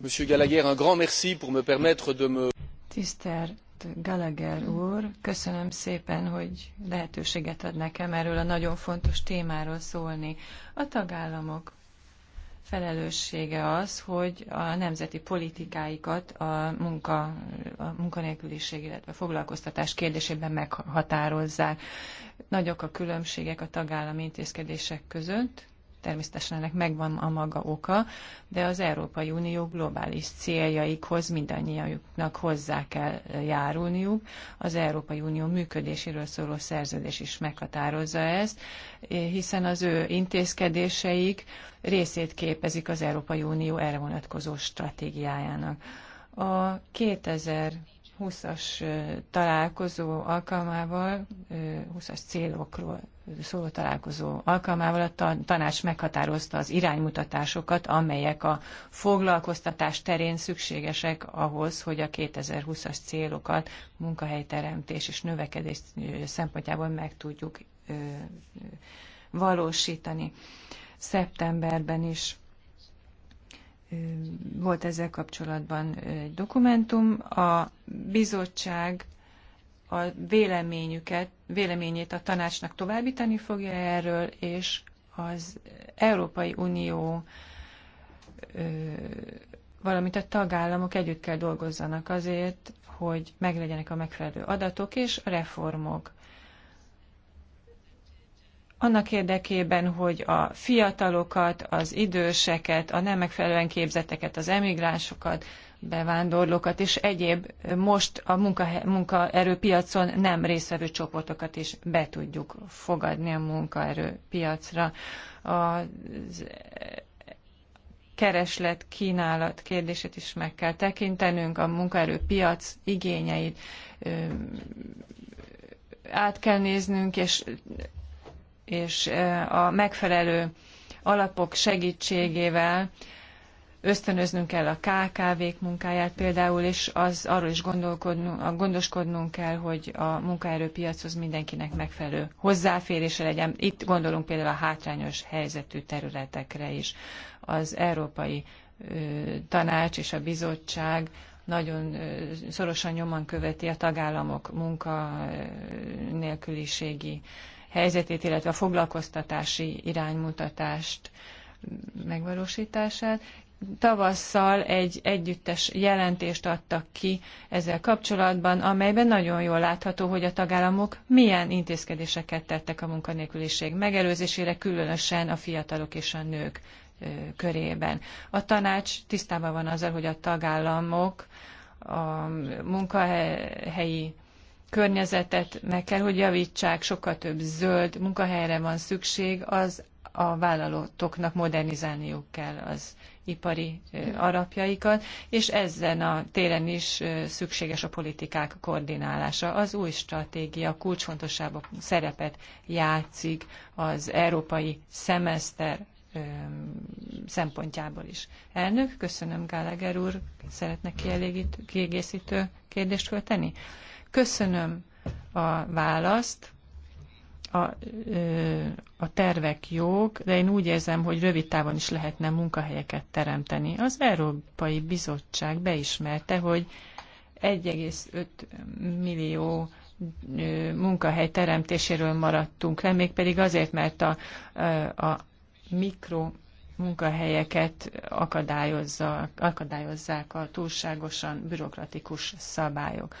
Monsieur Gallagher, un grand merci pour me permettre de me... Tisztelt Gallagher úr, köszönöm szépen, hogy lehetőséget ad nekem erről a nagyon fontos témáról szólni. A tagállamok felelőssége az, hogy a nemzeti politikáikat a, munka, a munkanélküliség, illetve a foglalkoztatás kérdésében meghatározzák. Nagyok a különbségek a tagállami intézkedések között, természetesen ennek megvan a maga oka, de az Európai Unió globális céljaikhoz mindannyiuknak hozzá kell járulniuk. Az Európai Unió működéséről szóló szerződés is meghatározza ezt, hiszen az ő intézkedéseik részét képezik az Európai Unió erre vonatkozó stratégiájának. A 2000 20-as találkozó alkalmával 20-as célokról szóló találkozó alkalmával a tanács meghatározta az iránymutatásokat, amelyek a foglalkoztatás terén szükségesek ahhoz, hogy a 2020-as célokat munkahelyteremtés és növekedés szempontjából meg tudjuk valósítani. Szeptemberben is volt ezzel kapcsolatban egy dokumentum. A bizottság a véleményüket, véleményét a tanácsnak továbbítani fogja erről, és az Európai Unió valamint a tagállamok együtt kell dolgozzanak azért, hogy meglegyenek a megfelelő adatok és reformok annak érdekében, hogy a fiatalokat, az időseket, a nem megfelelően képzeteket, az emigránsokat, bevándorlókat és egyéb most a munkaerőpiacon nem részvevő csoportokat is be tudjuk fogadni a munkaerőpiacra. a kereslet, kínálat kérdését is meg kell tekintenünk, a munkaerőpiac igényeit át kell néznünk, és és a megfelelő alapok segítségével ösztönöznünk kell a KKV-k munkáját például, és az arról is gondolkodnunk, gondoskodnunk kell, hogy a munkaerőpiachoz mindenkinek megfelelő hozzáférése legyen. Itt gondolunk például a hátrányos helyzetű területekre is. Az Európai Tanács és a Bizottság nagyon szorosan nyomon követi a tagállamok munkanélküliségi helyzetét, illetve a foglalkoztatási iránymutatást megvalósítását. Tavasszal egy együttes jelentést adtak ki ezzel kapcsolatban, amelyben nagyon jól látható, hogy a tagállamok milyen intézkedéseket tettek a munkanélküliség megelőzésére, különösen a fiatalok és a nők körében. A tanács tisztában van azzal, hogy a tagállamok a munkahelyi környezetet meg kell, hogy javítsák, sokkal több zöld munkahelyre van szükség, az a vállalatoknak modernizálniuk kell az ipari alapjaikat, és ezen a téren is szükséges a politikák koordinálása. Az új stratégia kulcsfontossább szerepet játszik az európai szemeszter szempontjából is. Elnök, köszönöm Gallagher úr, szeretne kiegészítő kérdést föltenni? Köszönöm a választ, a, a tervek jók, de én úgy érzem, hogy rövid távon is lehetne munkahelyeket teremteni. Az Európai Bizottság beismerte, hogy 1,5 millió munkahely teremtéséről maradtunk le, mégpedig azért, mert a, a mikro munkahelyeket akadályozzák a túlságosan bürokratikus szabályok.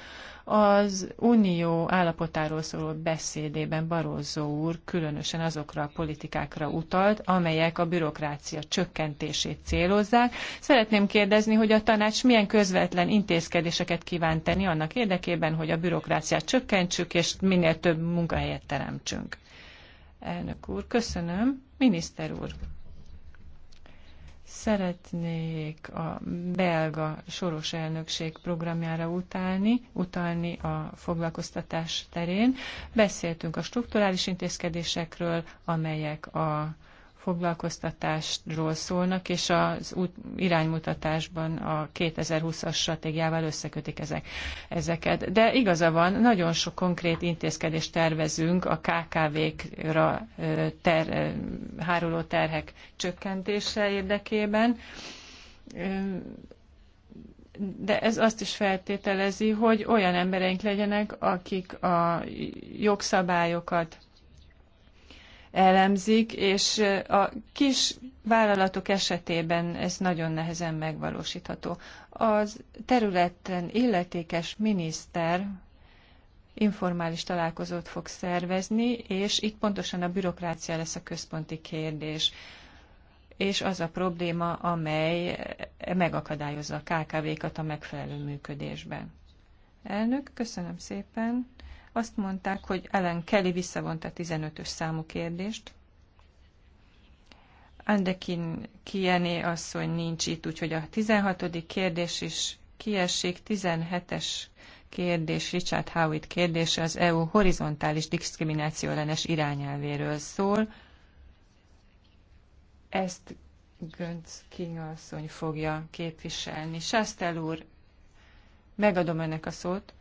Az unió állapotáról szóló beszédében Barózó úr különösen azokra a politikákra utalt, amelyek a bürokrácia csökkentését célozzák. Szeretném kérdezni, hogy a tanács milyen közvetlen intézkedéseket kíván tenni annak érdekében, hogy a bürokráciát csökkentsük, és minél több munkahelyet teremtsünk. Elnök úr, köszönöm. Miniszter úr. Szeretnék a belga soros elnökség programjára utálni, utalni a foglalkoztatás terén. Beszéltünk a strukturális intézkedésekről, amelyek a foglalkoztatásról szólnak, és az út, iránymutatásban a 2020-as stratégiával összekötik ezek, ezeket. De igaza van, nagyon sok konkrét intézkedést tervezünk a KKV-kra ter, háruló terhek csökkentése érdekében de ez azt is feltételezi, hogy olyan embereink legyenek, akik a jogszabályokat elemzik, és a kis vállalatok esetében ez nagyon nehezen megvalósítható. Az területen illetékes miniszter informális találkozót fog szervezni, és itt pontosan a bürokrácia lesz a központi kérdés és az a probléma, amely megakadályozza a KKV-kat a megfelelő működésben. Elnök, köszönöm szépen! Azt mondták, hogy Ellen Kelly visszavonta 15-ös számú kérdést. Andekin Kiené asszony nincs itt, úgyhogy a 16. kérdés is kiesik, 17-es kérdés, Richard Howitt kérdése az EU horizontális diszkrimináció ellenes irányelvéről szól. Ezt Gönc Kinga asszony fogja képviselni. Sastel úr, megadom önnek a szót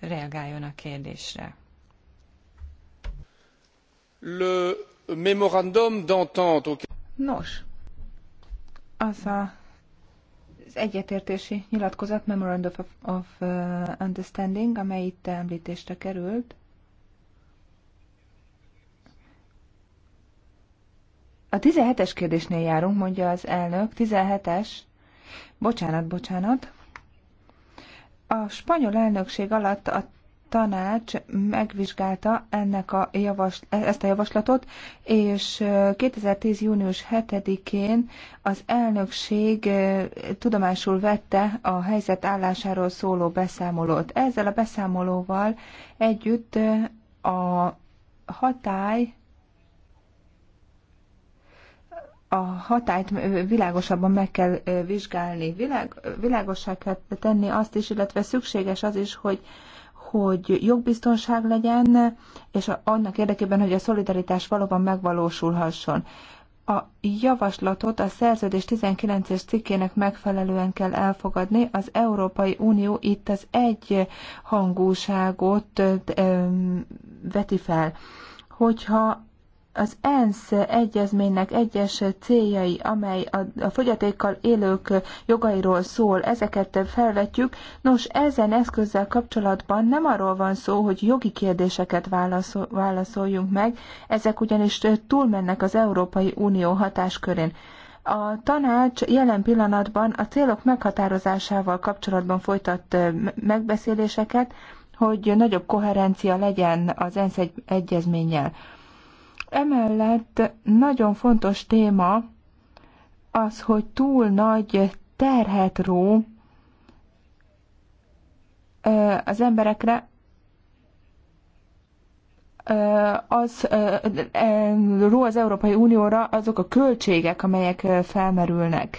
reagáljon a kérdésre. Le memorandum d'entente. Nos, az a az egyetértési nyilatkozat, Memorandum of, of uh, Understanding, amely itt említésre került, A 17-es kérdésnél járunk, mondja az elnök. 17-es. Bocsánat, bocsánat. A spanyol elnökség alatt a tanács megvizsgálta ennek a javas, ezt a javaslatot, és 2010. június 7-én az elnökség tudomásul vette a helyzet állásáról szóló beszámolót. Ezzel a beszámolóval együtt a hatály a hatályt világosabban meg kell vizsgálni, világ, világossá kell tenni azt is, illetve szükséges az is, hogy hogy jogbiztonság legyen, és annak érdekében, hogy a szolidaritás valóban megvalósulhasson. A javaslatot a szerződés 19-es cikkének megfelelően kell elfogadni. Az Európai Unió itt az egy hangúságot veti fel. Hogyha az ENSZ egyezménynek egyes céljai, amely a, a fogyatékkal élők jogairól szól, ezeket felvetjük. Nos, ezen eszközzel kapcsolatban nem arról van szó, hogy jogi kérdéseket válaszol, válaszoljunk meg, ezek ugyanis túlmennek az Európai Unió hatáskörén. A tanács jelen pillanatban a célok meghatározásával kapcsolatban folytat megbeszéléseket, hogy nagyobb koherencia legyen az ENSZ egy, egyezménnyel. Emellett nagyon fontos téma az, hogy túl nagy terhet ró az emberekre az ró az Európai Unióra azok a költségek, amelyek felmerülnek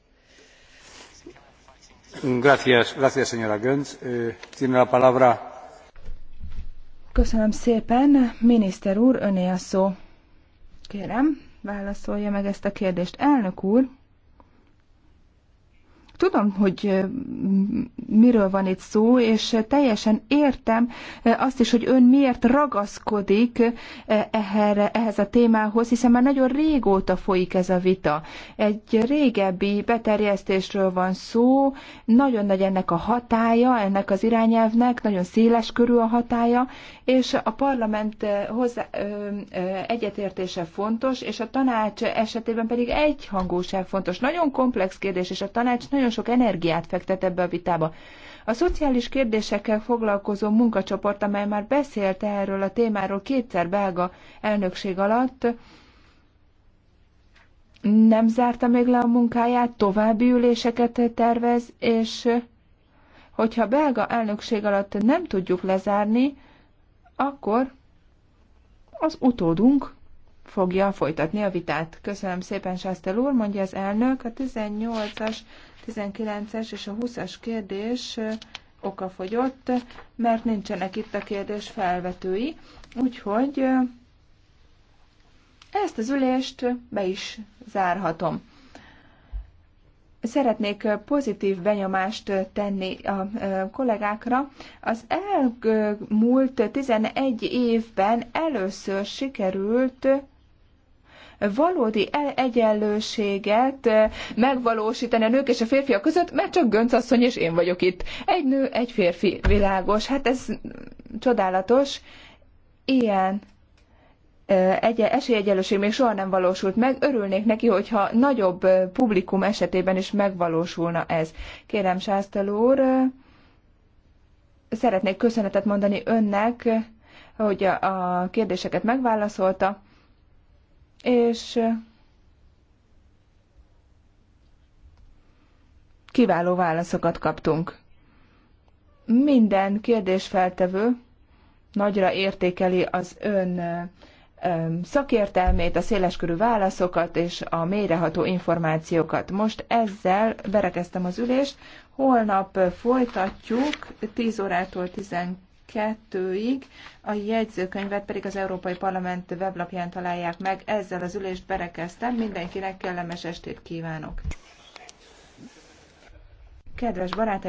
Eh, Köszönöm szépen. Miniszter úr, öné a szó. Kérem, válaszolja meg ezt a kérdést. Elnök úr, tudom, hogy miről van itt szó, és teljesen értem azt is, hogy ön miért ragaszkodik ehhez a témához, hiszen már nagyon régóta folyik ez a vita. Egy régebbi beterjesztésről van szó, nagyon nagy ennek a hatája, ennek az irányelvnek, nagyon széles körül a hatája, és a parlament hozzá, egyetértése fontos, és a tanács esetében pedig egyhangúság fontos. Nagyon komplex kérdés, és a tanács nagyon sok energiát fektet ebbe a vitába. A szociális kérdésekkel foglalkozó munkacsoport, amely már beszélt erről a témáról kétszer belga elnökség alatt, nem zárta még le a munkáját, további üléseket tervez, és hogyha belga elnökség alatt nem tudjuk lezárni, akkor az utódunk fogja folytatni a vitát. Köszönöm szépen, Sásztel úr, mondja az elnök. A 18-as, 19-es és a 20-as kérdés fogyott, mert nincsenek itt a kérdés felvetői. Úgyhogy ezt az ülést be is zárhatom. Szeretnék pozitív benyomást tenni a kollégákra. Az elmúlt 11 évben először sikerült valódi e- egyenlőséget eh, megvalósítani a nők és a férfiak között, mert csak Gönc asszony és én vagyok itt. Egy nő, egy férfi, világos. Hát ez csodálatos. Ilyen eh, egy esélyegyenlőség még soha nem valósult meg. Örülnék neki, hogyha nagyobb eh, publikum esetében is megvalósulna ez. Kérem, Sásztel úr, szeretnék köszönetet mondani önnek, hogy a kérdéseket megválaszolta és kiváló válaszokat kaptunk. Minden kérdésfeltevő nagyra értékeli az ön szakértelmét, a széleskörű válaszokat és a mélyreható információkat. Most ezzel berekeztem az ülést, holnap folytatjuk 10 órától 12 2-ig, a jegyzőkönyvet pedig az Európai Parlament weblapján találják meg. Ezzel az ülést berekeztem, mindenkinek kellemes estét kívánok! Kedves barátaim!